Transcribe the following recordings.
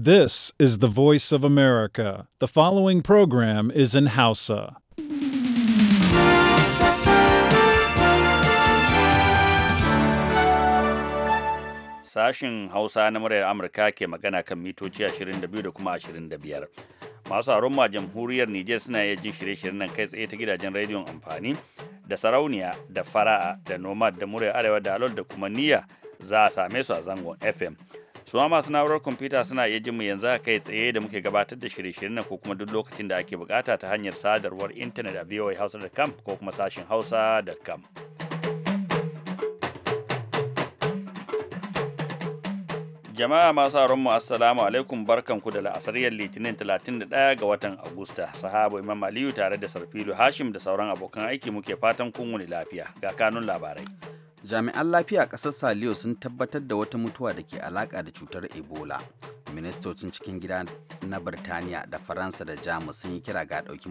This is the voice of America. The following program is in Hausa. Sashin Hausa na muryar Amurka ke magana kan mitoci 22 da kuma 25. Masu ma jamhuriyar Nijar suna iya jin shirye-shiryen nan kai tsaye ta gidajen rediyon amfani da sarauniya da fara'a da nomad da muryar arewa da alol da kuma niyya za a same su a zangon FM. su ma masu na'urar kwamfuta suna iya jin mu yanzu a kai tsaye da muke gabatar da shirye shirye na ko kuma duk lokacin da ake bukata ta hanyar sadarwar intanet a voahausa.com ko kuma sashin hausa.com jama'a masu aron mu assalamu alaikum barkan ku da la'asariyar litinin 31 ga watan agusta sahabo imam aliyu tare da sarfilu hashim da sauran abokan aiki muke fatan kun wuni lafiya ga kanun labarai jami'an lafiya ƙasar saliyo sun tabbatar da wata mutuwa da ke alaƙa da cutar ebola ministocin cikin gida na birtaniya da faransa da jamus sun yi kira ga ɗauki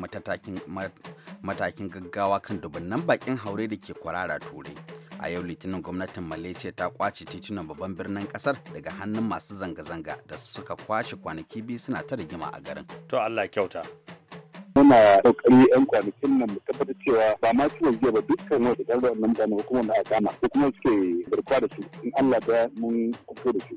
matakin gaggawa kan dubunnan bakin haure da ke kwarara turai a yau litinin gwamnatin malaysia ta kwace titunan babban birnin kasar daga hannun masu zanga-zanga da suka kwashe kwanaki biyu suna ta rigima a garin to allah kyauta muna kokari yan kwanakin nan mu tabbatar cewa ba ma ciwon jiya ba dukkan wanda ɗan da wannan hukumar na gama ko kuma suke garkuwa da su in Allah ta mun fito da su.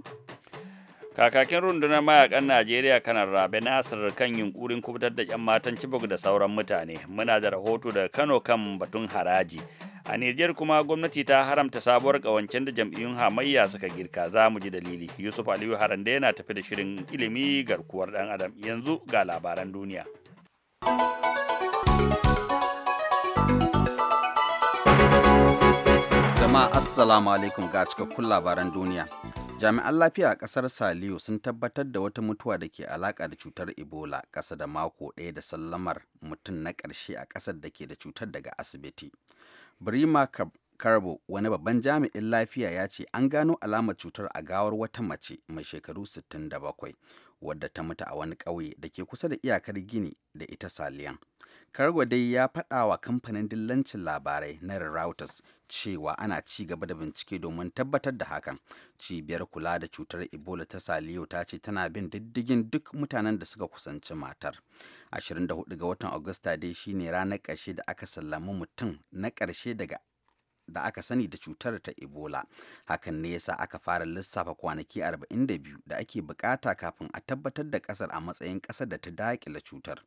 Kakakin rundunar mayakan Najeriya kanar Rabe Nasir kan yunkurin kubutar da 'yan matan Chibok da sauran mutane. Muna da rahoto da Kano kan batun haraji. A Nijar kuma gwamnati ta haramta sabuwar kawancen da jam'iyyun hamayya suka girka za mu ji dalili. Yusuf Aliyu Harande yana tafi da shirin ilimi garkuwar ɗan adam. Yanzu ga labaran duniya. Jama'a Assalamu alaikum ga cikakkun labaran duniya. Jami'an lafiya a ƙasar Saliyo sun tabbatar da wata mutuwa da ke alaƙa da cutar Ebola ƙasa da mako ɗaya da sallamar mutum na ƙarshe a ƙasar da ke da cutar daga asibiti. Birima Karbo wani babban jami'in lafiya ya ce an gano alamar cutar a gawar wata mace mai shekaru 67 wadda ta mutu a wani ƙauye da ke kusa da iyakar Gini da ita Saliyan. Kargo dai ya faɗa wa kamfanin dillancin labarai na Reuters cewa ana ci gaba da bincike domin tabbatar da hakan. Cibiyar kula da cutar Ebola ta Saliyo ta ce tana bin diddigin duk mutanen da suka kusanci matar. 24 ga watan Agusta dai shine ranar ƙarshe da aka sallami mutum na ƙarshe daga da aka sani da cutar ta Ebola. Hakan ne yasa aka fara lissafa kwanaki 42 da ake bukata kafin a tabbatar da kasar a matsayin kasar da ta dakila cutar.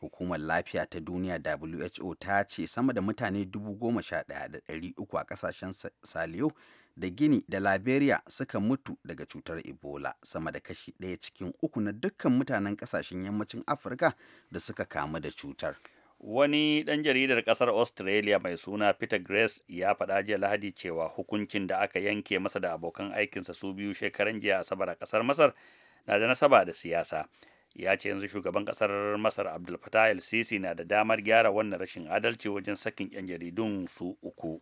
Hukumar Lafiya ta Duniya WHO ta ce sama da mutane 11,300 a kasashen Saliyo da Gini da Liberia suka mutu daga cutar Ebola sama da kashi ɗaya cikin uku na dukkan mutanen kasashen yammacin Afirka da suka kamu da cutar. wani ɗan jaridar ƙasar australia mai suna peter grace ya faɗa jiya lahadi cewa hukuncin da aka yanke masa da abokan aikinsa su biyu shekaran jiya asabar a ƙasar masar na da nasaba da siyasa ya ce yanzu shugaban ƙasar masar abdul fatah el sisi na da damar gyara wannan rashin adalci wajen sakin 'yan jaridun su uku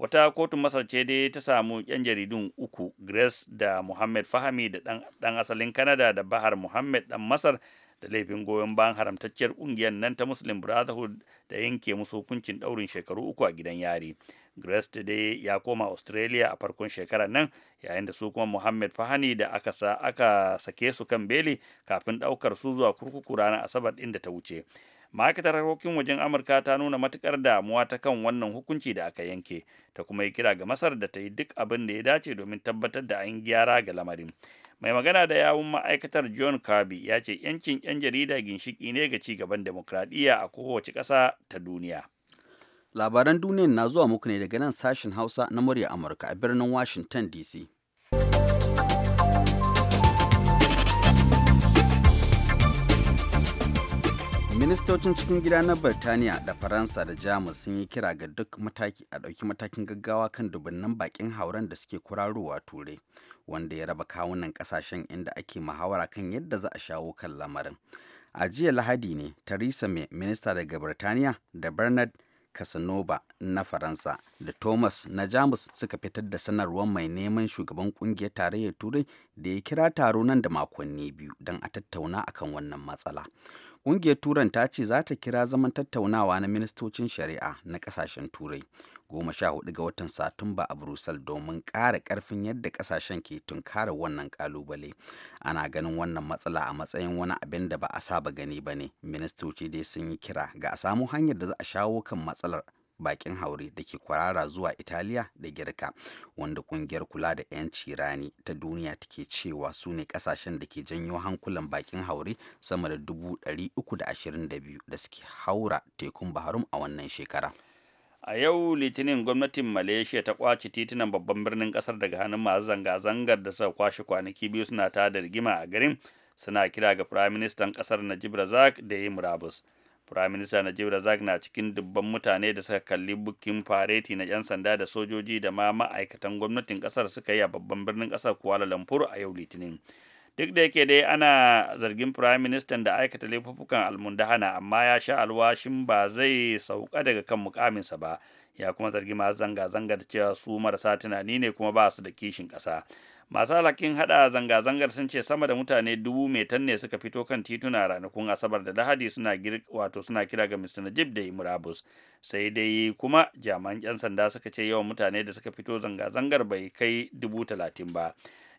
wata kotun masar ce dai ta samu 'yan jaridun uku grace da muhammad fahami da ɗan asalin canada da bahar muhammad ɗan masar da laifin goyon bayan haramtacciyar kungiyar nan ta muslim brotherhood da yanke musu hukuncin daurin shekaru uku a gidan yari grace today ya koma australia a farkon shekarar nan yayin da su kuma muhammad fahani da aka, sa, aka sake su kan beli kafin daukar su zuwa kurkuku ranar asabar din da ta wuce ma'aikatar harkokin wajen amurka ta nuna matukar damuwa ta kan wannan hukunci da aka yanke ta kuma yi kira ga masar da ta yi duk abin da ya dace domin tabbatar da an gyara ga lamarin mai magana da yawun ma'aikatar john kirby ya ce yancin 'yan jarida ginshiki ne ga ci gaban demokradiyya a kowace ƙasa ta duniya labaran duniyan na zuwa muku ne daga nan sashen hausa na murya amurka a birnin washington dc ministocin cikin gida na birtaniya da faransa da jamus sun yi kira ga duk mataki a ɗauki matakin gaggawa kan dubunnan bakin hauren da suke kurarowa turai wanda ya raba kawunan ƙasashen inda ake muhawara kan yadda za a shawo kan lamarin a jiya lahadi ne theresa may minista daga birtaniya da bernard Casanova na Faransa da Thomas na Jamus suka fitar da sanarwar mai neman shugaban kungiyar tarayyar Turai da ya kira taro nan da makonni biyu don a tattauna akan wannan matsala. Ƙungiyar Turan ta ce za ta kira zaman tattaunawa na ministocin shari'a na ƙasashen Turai goma sha hudu ga watan Satumba a Brussels domin ƙara ƙarfin yadda ƙasashen ke tunkarar wannan ƙalubale. Ana ganin wannan matsala a matsayin wani abin da ba a saba gani ba ne. Ministoci dai sun yi kira ga a samu hanyar da za a shawo kan matsalar bakin haure da ke kwarara zuwa Italiya da Girka, wanda kungiyar kula da 'yanci rani ta duniya take cewa su ne kasashen da ke janyo hankulan bakin haure sama da 322 da suke haura tekun Baharum a wannan shekara. a yau litinin gwamnatin malaysia ta kwace titunan babban birnin kasar daga hannun masu zanga-zangar da suka kwashe kwanaki biyu suna ta da rigima a garin suna kira ga firayim ministan kasar najib razak da yi murabus firaminista najib razak na cikin dubban mutane da suka kalli bukin fareti na 'yan sanda da sojoji da ma ma'aikatan gwamnatin kasar suka yi a babban birnin kasar kuala lumpur a yau litinin duk da yake dai ana zargin firaministan da aikata laifuffukan almundahana amma ya sha alwashin ba zai sauka daga kan mukaminsa ba ya kuma zargi masu zanga-zanga da cewa su marasa tunani ne kuma ba su da kishin ƙasa masu halakin hada zanga-zangar sun ce sama da mutane dubu metan ne suka fito kan tituna ranakun asabar da lahadi suna wato suna kira ga mr najib da murabus sai dai kuma jami'an 'yan sanda suka ce yawan mutane da suka fito zanga-zangar bai kai dubu talatin ba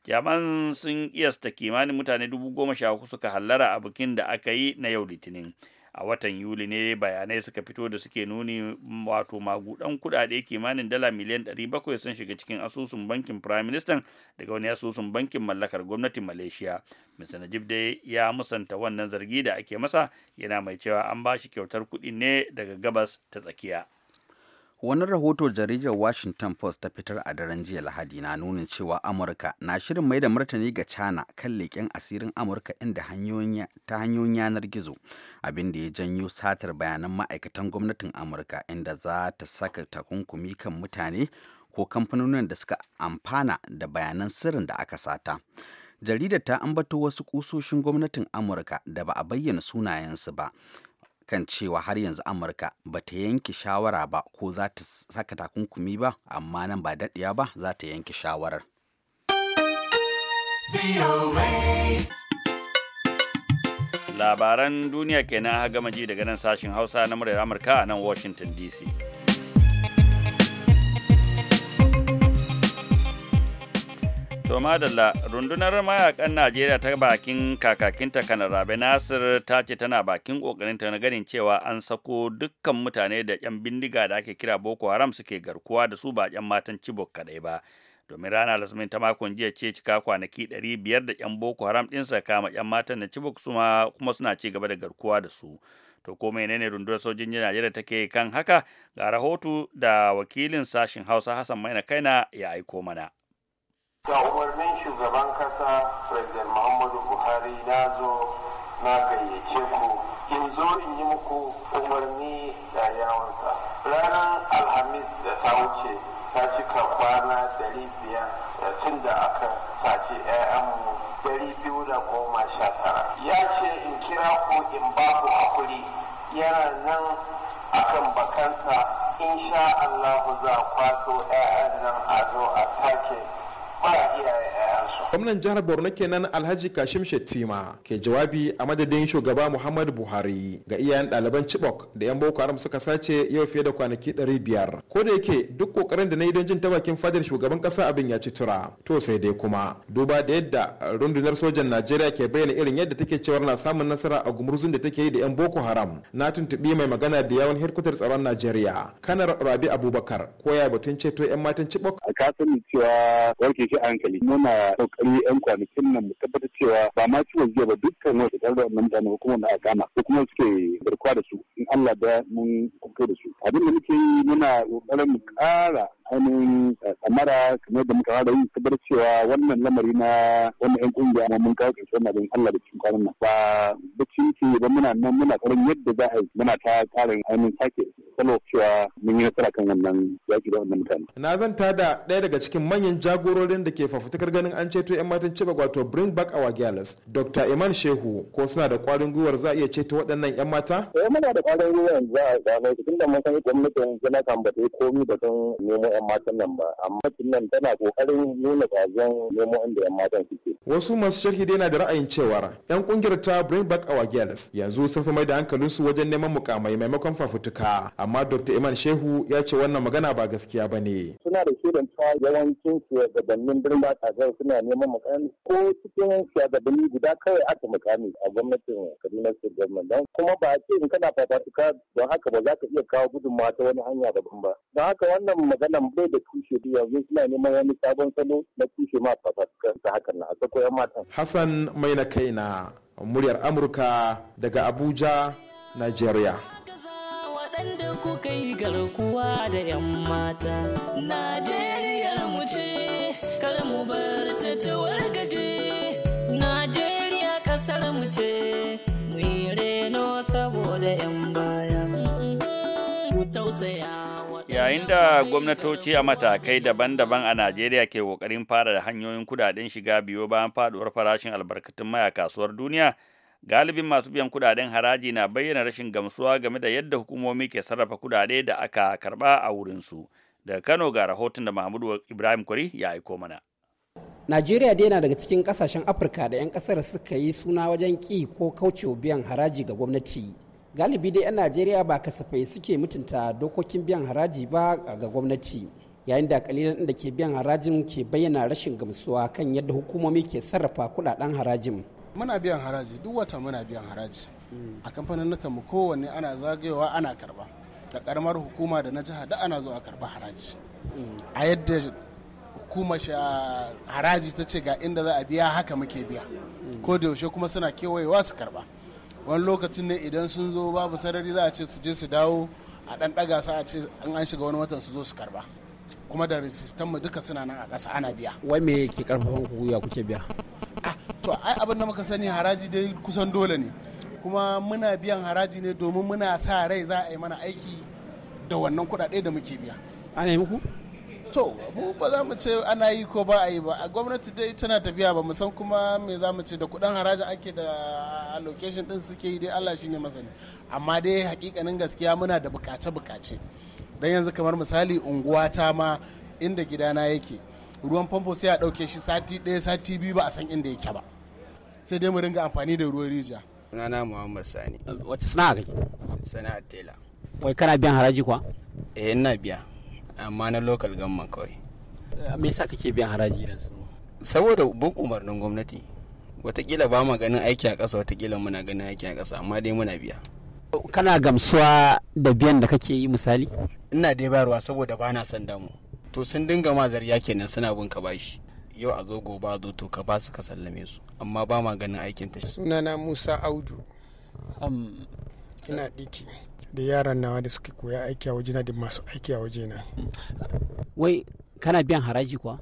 jami'an sun iyasta kimanin mutane dubu goma sha suka hallara a bikin da aka yi na yau litinin a watan yuli ne bayanai suka fito da suke nuni mm, wato magudan kudade kimanin dala miliyan 700 sun shiga cikin asusun bankin prime minister daga wani asusun bankin mallakar gwamnatin malaysia mr najib dai ya musanta wannan zargi da ake masa yana mai cewa an ba shi kyautar kudi ne daga gabas ta tsakiya Wani rahoto jaridar Washington Post ta fitar a daren jiya Lahadi na nunin cewa Amurka na shirin mai da martani ga China kan leƙen asirin Amurka inda ta hanyoyin yanar gizo, abinda ya janyo satar bayanan ma'aikatan gwamnatin Amurka inda za ta saka takunkumi kan mutane ko kamfanonin da suka amfana da bayanan sirrin da aka sata. Jaridar ta ambato wasu kusoshin gwamnatin Amurka da ba a bayyana sunayensu ba. kan cewa har yanzu amurka ba ta yanke shawara ba ko za ta saka takunkumi ba amma nan ba daɗiya ba za ta yanke shawarar labaran duniya kenan gama ji daga nan sashen hausa na muryar amurka a nan washington dc To madalla rundunar mayakan Najeriya ta bakin kakakinta kanar Rabe Nasir ta ce tana bakin kokarinta na ganin cewa an sako dukkan mutane da yan bindiga da ake kira Boko Haram suke garkuwa da su ba yan matan Chibok kadai ba. Domin rana Lasmin ta makon jiya ce cika kwanaki 500 da yan Boko Haram din sa kama yan matan na Chibok suma kuma suna ci gaba da garkuwa da su. To ko menene rundunar sojin Najeriya take kan haka ga rahoto da wakilin sashin Hausa Hassan Maina Kaina ya aiko mana. da umarnin shugaban kasa president muhammadu buhari na zo na gayyace ku in zo in yi muku umarni da yawansa ranar alhamis da ta wuce ta cika kwana dari biyar da tun da aka sace 'ya'yanmu dari biyu da goma sha tara ya ce in kira ku in ba ku hakuri yana nan akan bakansa insha allahu za kwato 'ya'yan nan a zo a sake Wow. gwamnan jihar borno kenan alhaji kashim shettima ke jawabi a madadin shugaba muhammadu buhari ga iyayen ɗaliban chibok da yan boko haram suka sace yau fiye da kwanaki 500 ko da yake duk kokarin da na yi don jin tabakin fadar shugaban kasa abin ya ci tura to sai dai kuma duba da yadda rundunar sojan najeriya ke bayyana irin yadda take cewar na samun nasara a gumurzun da take yi da yan boko haram na tuntuɓi mai magana da yawon hirkutar tsaron najeriya kanar rabi abubakar ko ya batun ceto yan matan chibok kokari yan kwanakin nan mu tabbatar cewa ba ma ciwon jiya ba dukkan wasu ɗan da wannan mutane kuma na kama ko kuma suke barkwa da su in Allah da mun kuka da su abin da muke yi muna kokarin mu ƙara ainihin tsamara eh, kamar da muka fara yi bar cewa wannan lamari na wannan yan kungiya na mun kawo na don Allah da cikin kwanan nan ba da cinci ba muna nan muna karin yadda za a yi muna ta ƙarin ainihin sake salo cewa mun yi nasara kan wannan yaƙi da wannan mutane. Na ta da ɗaya daga cikin manyan jagororin da ke fafutukar ganin an ceto 'yan matan Chibok wato Bring Back Our Girls Dr. Iman Shehu ko suna da kwarin gwiwar za a iya ceto waɗannan 'yan mata? Eh muna da kwarin gwiwar za a tunda mun san gwamnatin kan ba ta yi komi da sun nemo 'yan matan nan ba amma nan tana kokarin nuna kwazon nemo inda 'yan matan suke. Wasu masu sharhi dai na da ra'ayin cewa 'yan kungiyar ta Bring Back Our Girls yanzu sun fi mai da hankalinsu wajen neman mukamai maimakon fafutuka amma Dr. Iman Shehu ya ce wannan magana ba gaskiya ba ne. Suna da shirin ta yawancin shugabannin Bring Back suna neman mukamai ko cikin shugabanni guda kawai aka mukami a gwamnatin Kaduna State Government don kuma ba a ce in kana fafutuka don haka ba za ka iya kawo gudunmawa ta wani hanya daban ba. Don haka wannan maganan wannan bai da tushe da yanzu suna neman wani sabon salo na tushe ma ta hakan na a yan matan. Hassan mai na kai na muryar Amurka daga Abuja, Nigeria. Waɗanda kuka yi garkuwa da 'yan mata, Najeriyar mu ce, kar mu bar ta ta wargaje, Najeriya ƙasar mu ce, mu reno saboda 'yan baya, ku tausaya. yayin da gwamnatoci a matakai daban-daban a najeriya ke kokarin fara da hanyoyin kudaden shiga biyo bayan faduwar farashin albarkatun maya kasuwar duniya galibin masu biyan kudaden haraji na bayyana rashin gamsuwa game da yadda hukumomi ke sarrafa kudade da aka karba a wurinsu daga kano ga rahoton da mahmudu ibrahim kuri ya aiko mana Najeriya dai yana daga cikin kasashen Afirka da 'yan kasar suka yi suna wajen ki ko kaucewa biyan haraji ga gwamnati galibi dai 'yan najeriya ba kasafai suke mutunta dokokin biyan haraji ba ga gwamnati yayin da kalilan da ke biyan harajin ke bayyana rashin gamsuwa kan yadda hukumomi ke sarrafa kudaden harajin muna biyan haraji duk wata muna biyan haraji a kamfanin mu kowanne ana zagayewa ana karba da karamar hukuma da na jiha da ana zuwa karba haraji a yadda hukumar haraji ta ce ga inda za a biya haka muke biya ko da yaushe kuma suna kewayewa su karba wani lokacin ne idan sun zo babu sarari za a ce su je su dawo a ɗan ɗaga su a ce an an shiga wani watan su zo su karba kuma da resistanmu duka suna nan a ƙasa ana biya wai me yake karfafan ku ya kuke biya ah, to ai abin da muka sani haraji dai kusan dole ne kuma muna biyan haraji ne domin muna sa rai za a yi mana aiki da wannan kuɗaɗe da muke biya ana yi muku to mu ba za mu ce ana yi ko ba a yi ba a gwamnati dai tana tafiya ba san kuma me za mu ce da kudin harajin ake da allocation din suke yi dai Allah shi ne masani amma dai hakikanin gaskiya muna da bukace bukace dan yanzu kamar misali unguwa ta ma inda gidana yake ruwan famfo sai a dauke shi sati ɗaya sati biyu ba a san inda yake ba sai dai mu ringa amfani da ruwan rija. sunana Muhammad Sani wacce sana'a kake sana'a tela wai kana biyan haraji kuwa eh ina biya amma na local government kawai eh, me yasa kake biyan haraji da su saboda bin umarnin gwamnati watakila ba ma ganin aiki a ƙasa watakila muna ganin aiki a ƙasa amma dai muna biya kana gamsuwa da biyan da kake yi misali ina dai bayarwa saboda ba na son damu to sun dinga ma zarya kenan suna bin ka bashi yau a zo gobe a zo to ka ba su ka sallame su amma ba ma ganin aikin ta sunana musa audu ina diki da yaran nawa da suke koya aiki a na da masu aiki a na. wai kana biyan haraji kuwa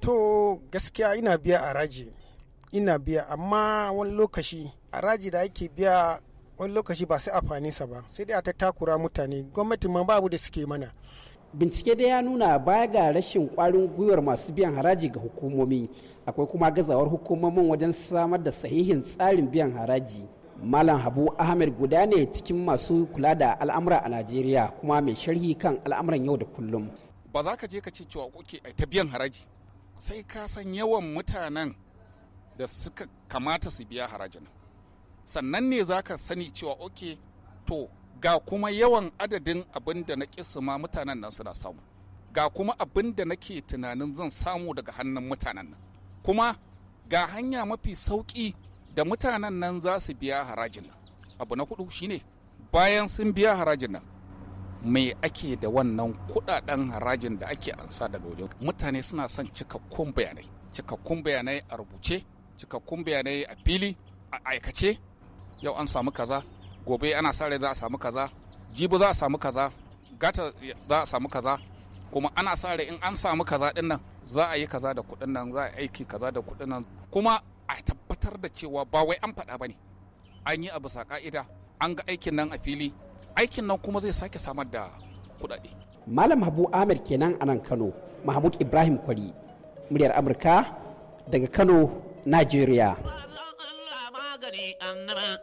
to gaskiya ina biya haraji ina biya amma wani lokaci haraji da ake biya wani lokaci ba sai amfani sa ba sai dai a ta takura mutane gwamnati ma babu da suke mana bincike da ya nuna baya ga rashin kwarin gwiwar masu biyan haraji ga hukumomi akwai kuma gazawar hukumomin wajen samar da sahihin tsarin biyan haraji Malam Habu Ahmed guda ne cikin masu kula da al'amura a Najeriya kuma mai sharhi kan al'amuran yau da kullum. Ba za ka je ka ce cewa oke a ta biyan haraji sai ka san yawan mutanen da suka kamata su biya harajin. Sannan ne za ka sani cewa oke to ga kuma yawan adadin abin da na kisima mutanen nan suna samu. Ga kuma abin da nake tunanin zan samu daga hannun mutanen nan. Kuma ga hanya mafi sauƙi da mutanen nan za su biya harajin nan abu na hudu shine bayan sun biya harajin nan me ake da wannan kudaden harajin da ake ansa daga wajen mutane suna son cikakkun bayanai cikakkun bayanai a rubuce cikakkun bayanai a fili a aikace yau an samu kaza gobe ana sa za a samu kaza jibu za a samu kaza gata za a samu kaza kuma ana sa in an samu kaza din nan za a yi kaza da kudin nan za a aiki kaza da kudin nan kuma a tabbatar da cewa ba wai an faɗa ba ne an yi abu sa ka'ida an ga aikin nan a fili aikin nan kuma zai sake samar da kuɗaɗe malam habu amir kenan a nan kano mahmud ibrahim kwari muryar amurka daga kano nigeria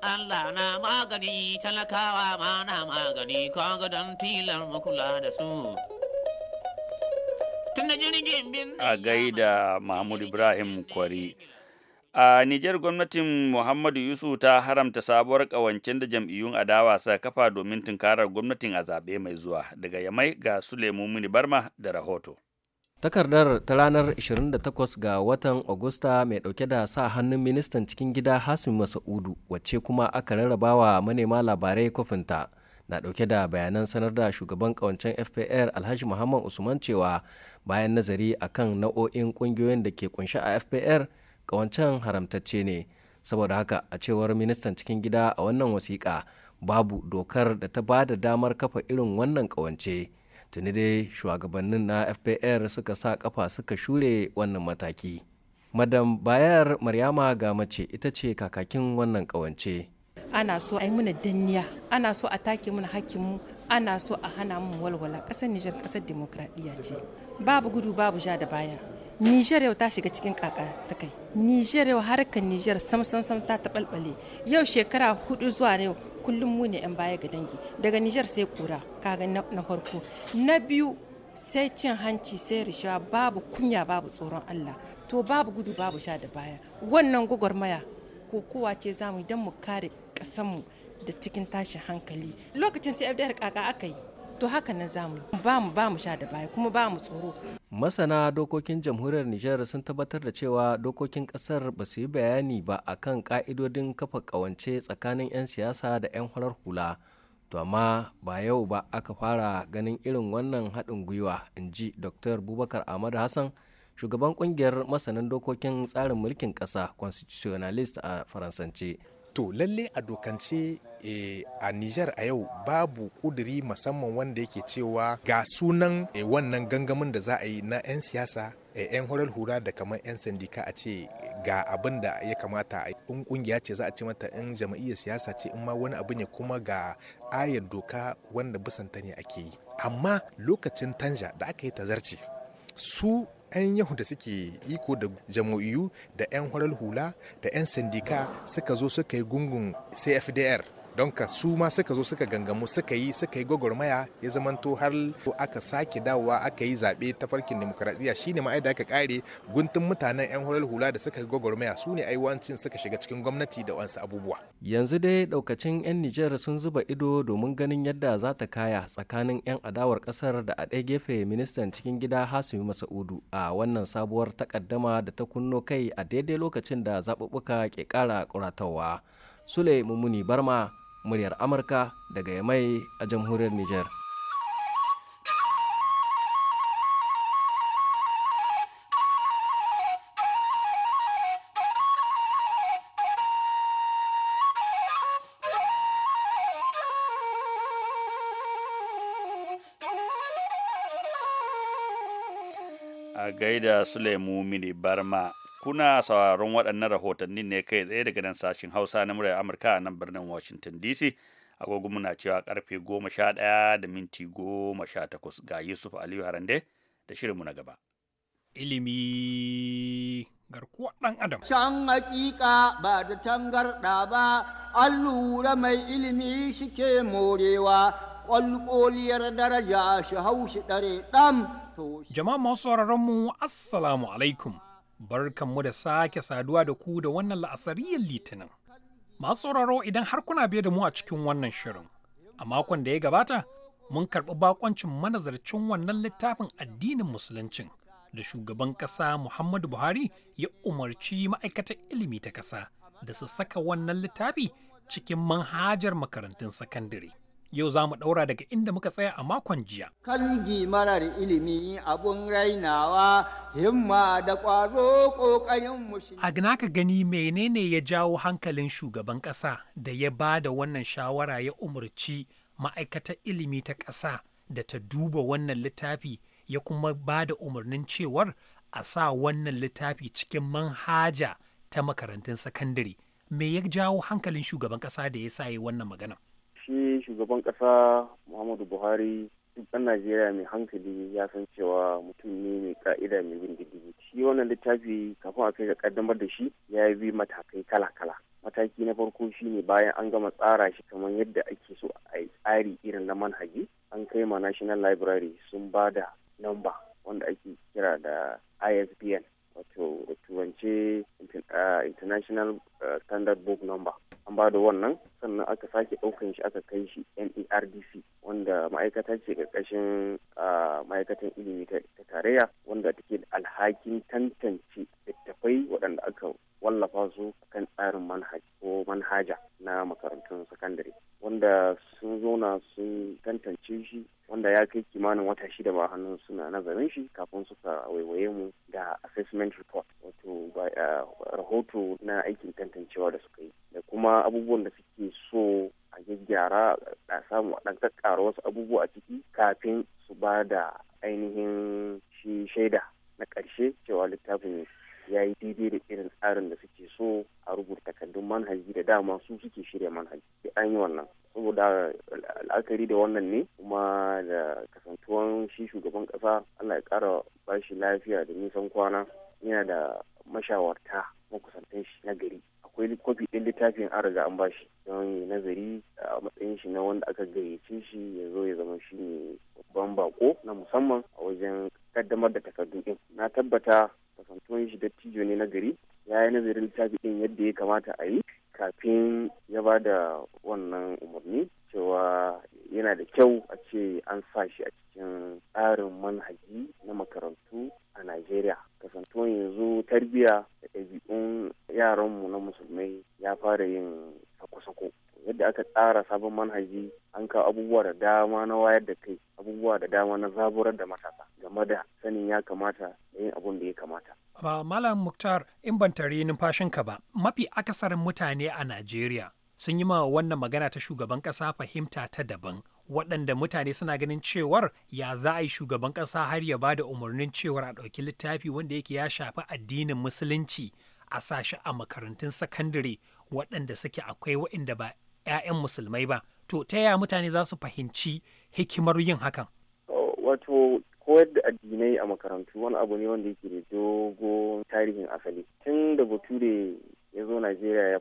Allah na magani talakawa ma na magani kaga don tilar makula da su a gaida mahmud ibrahim kwari a Nijar gwamnatin Muhammadu Yusuf ta haramta sabuwar ƙawancen da jam'iyyun adawa sa kafa domin tunkarar gwamnatin a zaɓe mai zuwa daga Yamai ga Sulemu Muni Barma da rahoto. Takardar ta ranar 28 ga watan Agusta mai dauke da sa hannun ministan cikin gida Hasim Masa'udu wacce kuma aka rarrabawa manema labarai kofinta. na dauke da bayanan sanar da shugaban kawancen fpr alhaji muhammad usman cewa bayan nazari akan nau'o'in kungiyoyin da ke kunshi a fpr ƙawancen haramtacce ne saboda haka a cewar ministan cikin gida a wannan wasiƙa babu dokar da ta ba da damar kafa irin wannan kawance tuni dai shugabannin na fpr suka sa kafa suka shure wannan mataki madam bayar maryama ga mace ita ce kakakin wannan kawance. ana so a yi mana danniya ana so a take mana hakkinmu ana so a hana mu walwala ƙasar nijar ƙasar demokradiyya ce babu gudu babu ja da baya Nijar yau ta shiga cikin kaka ta kai. Nijar yau harkar Nijar sam sam sam ta taɓalɓale. Yau shekara hudu zuwa yau kullum mu ne 'yan baya ga dangi. Daga Nijar sai kura kaga na farko. Na biyu sai cin hanci sai rishawa babu kunya babu tsoron Allah. To babu gudu babu sha da baya. Wannan gwagwarmaya ko kowa ce zamu don mu kare ƙasanmu da cikin tashin hankali. Lokacin sai FDR kaka aka yi. to haka nan za mu ba ba mu sha da baya kuma ba mu tsoro masana dokokin jamhuriyar nijar sun tabbatar da cewa dokokin kasar ba su yi bayani ba a kan ka'idodin kafa kawance tsakanin 'yan siyasa da 'yan farar hula to amma ba yau ba aka fara ganin irin wannan haɗin gwiwa in ji dr bubakar ahmadu hassan shugaban kungiyar masanin dokokin tsarin mulkin ƙasa constitutionalist a faransance to lalle a dokance e, a niger a yau babu kuduri musamman wanda yake cewa ga sunan e, wannan gangamin da za a yi na 'yan siyasa 'yan eh, horar hura da kamar 'yan sandika a ce ga abin da ya kamata in kungiya ce za a ce mata in jama'iyyar siyasa ce in ma wani abu ne kuma ga ayar doka wanda bisanta ne ake yi amma lokacin tanja da aka yi tazarci su 'yan yahu da suke iko da jam'iyyu da 'yan hular hula da 'yan sandika suka zo suka yi gungun cfdr don ka su ma suka zo suka gangamu suka yi suka yi gwagwarmaya ya zamanto har aka sake dawowa aka yi zaɓe ta farkin demokuraɗiyya shine ma da aka kare guntun mutanen yan hular hula da suka yi gwagwarmaya su ne aiwancin suka shiga cikin gwamnati da wansu abubuwa yanzu dai daukacin yan nijar sun zuba ido domin ganin yadda za ta kaya tsakanin yan adawar kasar da a ɗaya gefe ministan cikin gida hasimi masa'udu a wannan sabuwar takaddama da ta kunno kai a daidai lokacin da zaɓuɓɓuka ke ƙara kuratawa sule mummuni barma muryar Amerika, daga yamai a jamhuriyar niger a gaida Sulaimu Mini Barma kuna sauraron waɗannan rahotannin ne kai tsaye daga nan sashen hausa na murar amurka a nan birnin washington dc agogo muna cewa karfe goma sha ɗaya da minti goma sha takwas ga yusuf aliyu harande da shirinmu na gaba ilimi garkuwa ɗan adam can hakika ba da tangarɗa ba an lura mai ilimi shike morewa ƙwalƙoliyar daraja shi haushi ɗare ɗam jama'a masu mu assalamu alaikum Barkanmu da sake saduwa da ku da wannan la'asariyar litinin. Masu sauraro idan har kuna biye da mu a cikin wannan shirin. A makon da ya gabata, mun karɓi bakoncin manazarcin wannan littafin addinin musuluncin da shugaban ƙasa Muhammadu Buhari ya umarci ma'aikatar ilimi ta ƙasa da su saka wannan littafi cikin manhajar makarantun sakandare. Yau za mu ɗaura daga inda muka tsaya a makon jiya. Kalgi marar ilimi abun rainawa himma da ƙwaro ƙoƙarin mushi. A ka gani menene ya jawo hankalin shugaban ƙasa da ya ba da wannan shawara ya umarci ma'aikatar ilimi ta ƙasa da ta duba wannan littafi ya kuma ba da umarnin cewar a sa wannan littafi cikin manhaja ta makarantun sakandare. Me ya jawo hankalin shugaban ƙasa da ya sa yi wannan magana? shi shugaban kasa muhammadu buhari duk ɗan najeriya mai hankali ya san cewa mutum ne mai ka'ida mai bin diddigi shi wannan littafi kafin a kai ga kaddamar da shi ya bi matakai kala-kala mataki na farko shine bayan an gama tsara shi kamar yadda ake so a yi tsari irin na manhaji an kai ma national library sun ba da number wanda ake kira da isbn wato turance uh, international uh, standard book number an ba da wannan sannan aka sake ɗaukan shi aka kai shi nerdc wanda ma'aikata ce ƙarƙashin ma'aikatan ilimi ta tarayya wanda take da alhakin tantance littattafai waɗanda aka wallafa su kan tsarin manhaji ko manhaja na makarantun sakandare wanda sun zauna sun tantance shi wanda ya kai kimanin wata shida ba hannun suna nazarin shi kafin suka waiwaye mu da assessment report wato rahoto na aikin tantancewa da suka yi da kuma abubuwan da suke so a gyaggyara a samu a ɗan kakkara wasu abubuwa a ciki kafin su ba da ainihin shi shaida na ƙarshe cewa littafin ya yi daidai da irin tsarin da suke so a rubuta takardun manhaji da dama su suke shirya manhaji an yi wannan saboda al'akari da wannan ne kuma da kasantuwan shi shugaban kasa allah ya kara bashi lafiya da nisan kwana yana da mashawarta makusantan shi na gari akwai kwafi ɗin littafin an riga an bashi don nazari a matsayin shi na wanda aka gayyace shi ya zo ya zama shi ne babban bako na musamman a wajen kaddamar da takardu ɗin na tabbata kasantuwan shi dattijo ne na gari ya yi nazarin littafin ɗin yadda ya kamata a yi kafin ya ba da wannan umarni cewa yana da kyau a ce an sa shi a cikin tsarin manhaji na makarantu a Najeriya. Kasantuwan yanzu tarbiya da ɗabi'un yaranmu na musulmai ya fara yin sako-sako. Yadda aka tsara sabon manhaji an kawo abubuwa da dama na wayar da kai, abubuwa da dama na zaburar da matasa game da sanin ya kamata da yin abun da ya kamata. ba malam muktar in ban tare ka ba mafi akasarin mutane a najeriya sun yi ma wannan magana ta shugaban kasa fahimta ta daban waɗanda mutane suna ganin cewar ya za a yi shugaban ƙasa har ya ba da umarnin cewar a ɗauki littafi wanda yake ya shafi addinin musulunci a sashi a makarantun sakandare waɗanda suke akwai waɗanda ba 'ya'yan musulmai ba to ta yaya mutane za su fahimci hikimar yin hakan oh, wato koyar da addinai a makarantu wani abu ne wanda yake da dogon tarihin asali tun da bature ya zo najeriya ya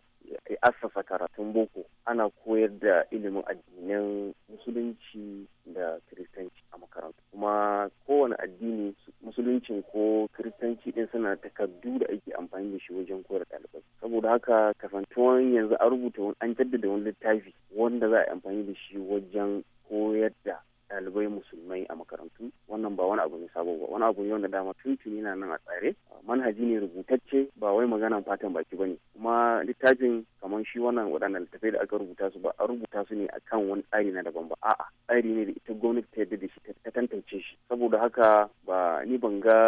assasa karatun boko ana koyar da ilimin addinan musulunci da kiristanci a makarantu kuma kowane addini musuluncin ko kiristanci din suna takardu da ake amfani da shi wajen koyar ɗalibai saboda haka kasantuwan yanzu an rubuta an jaddada wani littafi wanda za a amfani da shi wajen koyar da ɗalibai musulmai a makarantu wannan ba wani abu ne sabo ba wani abu ne wanda dama tuntuni na nan a tsare manhaji ne rubutacce ba wai maganan fatan baki ba ne kuma littafin kamar shi wannan waɗannan littafai da aka rubuta su ba a rubuta su ne a kan wani tsari na daban ba a'a tsari ne da ita gwamnati ta yadda da shi ta tantance shi saboda haka ba ni ban ga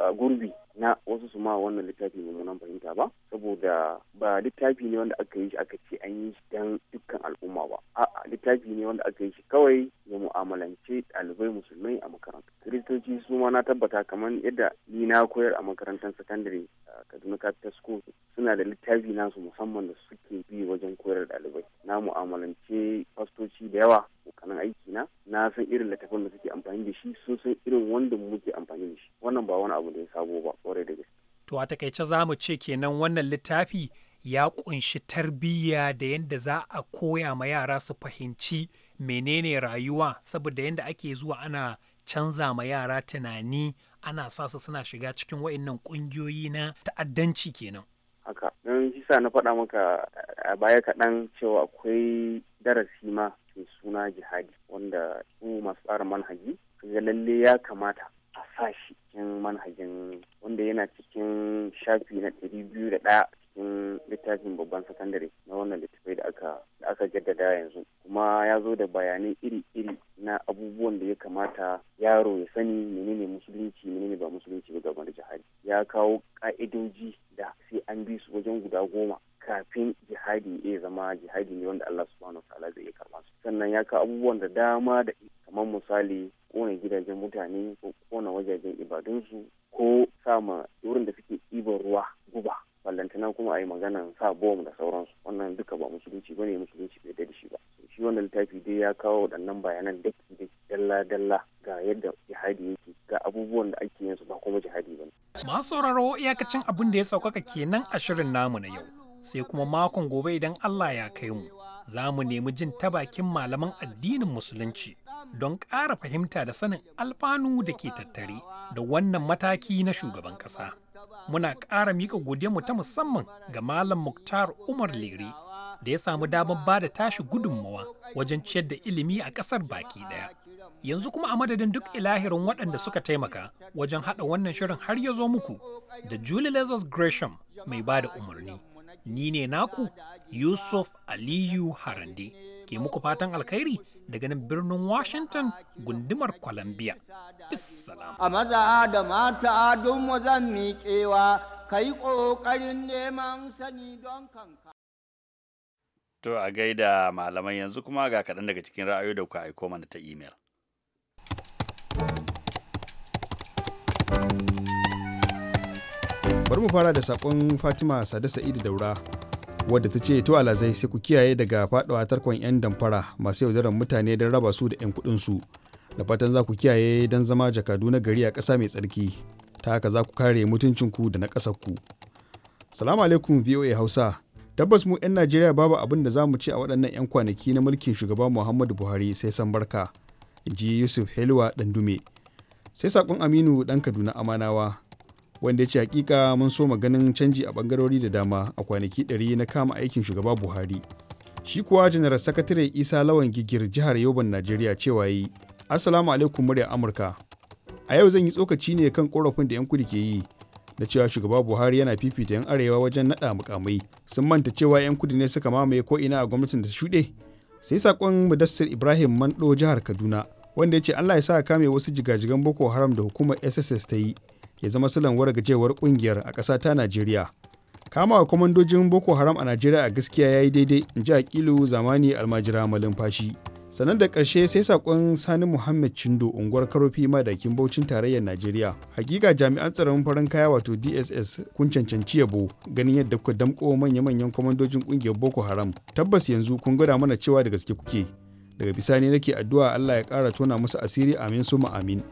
ah, gurbi na wasu su ma wannan littafi munan fahimta ba saboda ba littafi ne wanda aka yi shi aka ce an yi shi dan dukkan al'umma ba a'a littafi ne wanda aka yi shi kawai ya mu'amalance ɗalibai musulmai a makaranta kiristoci su ma na tabbata kamar yadda ni na koyar a makarantar sakandare kaduna capital school suna da littafi nasu musamman da suke bi wajen koyar ɗalibai na mu'amalance fastoci da yawa kanan aiki na na san irin littafin da suke amfani da shi sun san irin wanda muke amfani da shi wannan ba wani abu da ya sabo ba kwarai da gaske to a takaice za mu ce kenan wannan littafi ya kunshi tarbiyya da yadda za a koya ma yara su fahimci menene rayuwa saboda yadda ake zuwa ana canza ma yara tunani ana sa su suna shiga cikin wa'annan kungiyoyi na ta'addanci kenan haka don jisa na faɗa maka a baya kaɗan cewa akwai darasi ma mai suna jihadi wanda su masu tsara manhaji ga lalle ya kamata a sa shi cikin manhajin wanda yana cikin shafi na ɗari biyu da ɗaya cikin littafin babban sakandare na wannan littafai da aka da aka jaddada yanzu kuma ya zo da bayanai iri-iri na abubuwan da ya kamata yaro ya sani menene musulunci menene ba musulunci ba gaban jihadi ya kawo ka'idoji da sai an bi su wajen guda goma kafin jihadi ya zama jihadi ne wanda Allah subhanahu wa ta'ala zai iya karɓa su sannan ya kawo abubuwan da dama da kamar misali kona gidajen mutane ko kona wajajen ibadunsu ko sama wurin da suke ɗiban ruwa guba ballantana kuma a yi magana sa bom da sauransu wannan duka ba musulunci ba ne musulunci bai da shi ba shi wannan littafi dai ya kawo waɗannan bayanan da dalla-dalla ga yadda jihadi yake ga abubuwan da ake yin su ba kuma jihadi ba masu sauraro iyakacin abin da ya saukaka kenan a shirin namu na yau sai kuma makon gobe idan Allah ya kai mu za mu nemi jin ta bakin malaman addinin musulunci don ƙara fahimta da sanin alfanu da ke tattare da wannan mataki na shugaban ƙasa. Muna ƙara miƙa mu ta musamman ga Malam Muktar Umar Lere da ya samu damar ba da tashi gudunmawa wajen ciyar da ilimi a ƙasar baki ɗaya. Yanzu kuma a madadin duk ilahirin waɗanda suka taimaka wajen haɗa wannan shirin har ya zo muku da Julie Lazarus Gresham mai ba da umarni. Ni ne naku Yusuf Aliyu Harande. ke muku fatan alkhairi daga nan birnin Washington gundumar Columbia. Bissalam. A maza da mata don mu zan miƙewa kai ƙoƙarin neman sani don kanka. To a gaida malamai yanzu kuma ga kaɗan daga cikin ra'ayoyi da kuka aiko mana ta imel. Bari mu fara da saƙon Fatima sada Sa'idu Daura wadda ta ce to alazai sai ku kiyaye daga faɗawa tarkon 'yan damfara masu yaudarar mutane don raba su da 'yan kuɗinsu da fatan za ku kiyaye don zama jakadu na gari a ƙasa mai tsarki ta haka za ku kare mutuncinku da na ku salamu alaikum voa hausa tabbas mu 'yan najeriya babu abin da za mu ce a waɗannan 'yan kwanaki na mulkin shugaba muhammadu buhari sai san barka in ji yusuf helwa dume sai saƙon aminu ɗan kaduna amanawa wanda ya ce hakika mun so ganin canji a bangarori da dama a kwanaki 100 na kama aikin shugaba buhari shi kuwa janar sakatare isa lawan gigir jihar yoban najeriya cewa yi assalamu alaikum murya amurka a yau zan yi tsokaci ne kan korafin da 'yan kudi ke yi da cewa shugaba buhari yana fifita 'yan arewa wajen naɗa mukamai sun manta cewa 'yan kudi ne suka mamaye ko ina a gwamnatin da shuɗe sai sakon mudassir ibrahim manɗo jihar kaduna wanda ya ce allah ya sa kame wasu jigajigan boko haram da hukumar sss ta yi ya zama silan wargajewar kungiyar a ƙasa ta najeriya kama kwamandojin boko haram a najeriya a gaskiya ya yi daidai in ji akilu zamani almajira fashi sannan da ƙarshe sai saƙon sani muhammad chindo unguwar karofi madakin baucin tarayyar najeriya hakika jami'an tsaron farin kaya wato dss kun cancanci yabo ganin yadda kuka damƙo manya-manyan kwamandojin ƙungiyar boko haram tabbas yanzu kun gwada mana cewa da gaske kuke daga bisani nake addu'a allah ya ƙara tona musu asiri amin suma amin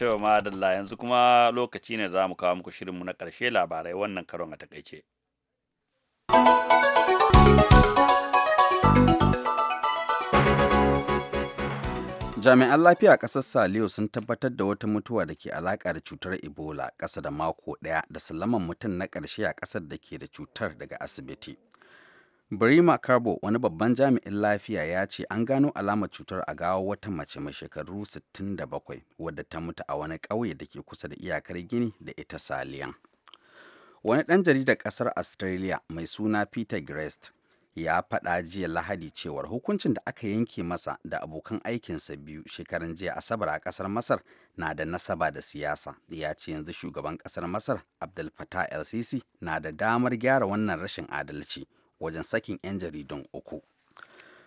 ma madalla yanzu kuma lokaci ne za mu kawo muku shirinmu na ƙarshe labarai wannan karon a takaice. Jami'an lafiya a ƙasar Saliyo sun tabbatar da wata mutuwa da ke alaƙa da cutar Ebola ƙasa da mako ɗaya da salaman mutum na ƙarshe a ƙasar da ke da cutar daga asibiti. Birima Karbo wani babban jami'in lafiya ya ce an gano alamar cutar a gawa wata mace mai shekaru 67 wadda ta mutu a wani ƙauye da ke kusa da iyakar Gini da ita Saliyan. Wani ɗan jaridar ƙasar Australia mai suna Peter Grest ya faɗa jiya Lahadi cewar hukuncin da aka yanke masa da abokan aikinsa biyu shekaran jiya Asabar a ƙasar Masar na da nasaba da siyasa. Ya ce yanzu shugaban ƙasar Masar Abdul Fattah el-Sisi na da damar gyara wannan rashin adalci. wajen sakin 'yan jaridun uku.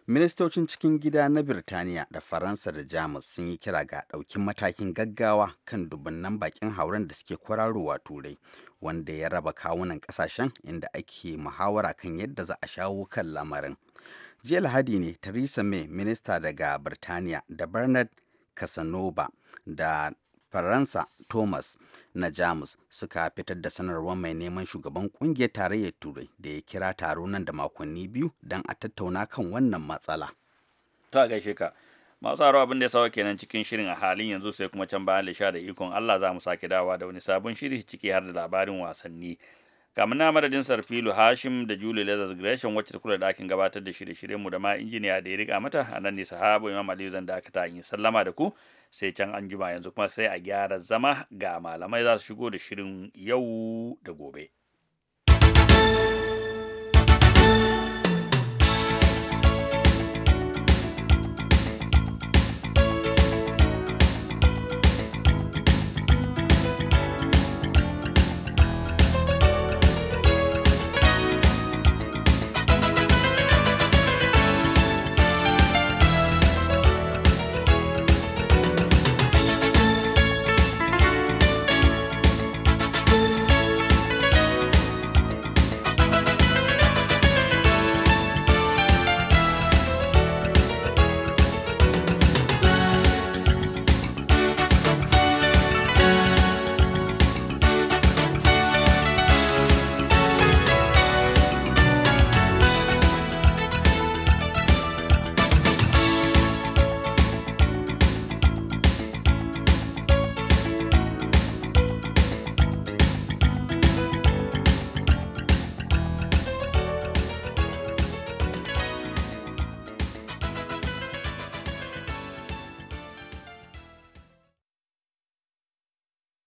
Ministocin cikin gida na Birtaniya da Faransa da Jamus sun yi kira ga ɗaukin matakin gaggawa kan dubunnan bakin hauren da suke kwararowa turai wanda ya raba kawunan ƙasashen inda ake muhawara kan yadda za a shawo kan lamarin. Jiya Lahadi ne Theresa May, minista daga Birtaniya da Bernard Casanova da faransa thomas na jamus suka fitar da sanarwar mai neman shugaban kungiyar tarayyar turai da ya kira taro nan da makonni biyu don a tattauna kan wannan matsala ta gaishe ka masu haro abin da ya sawa kenan cikin shirin a halin yanzu sai kuma can bayan lisha da ikon allah za mu sake dawa da wani sabon shiri ciki har da labarin wasanni kamar na madadin sarfilu hashim da julie leathers gresham wacce ta kula da ɗakin gabatar da shirye-shiryenmu da ma injiniya da ya riga mata a nan ne sahabu imam aliyu zan da aka ta yi sallama da ku sai can an juma yanzu kuma sai a gyara zama ga malamai za su shigo da shirin yau da gobe.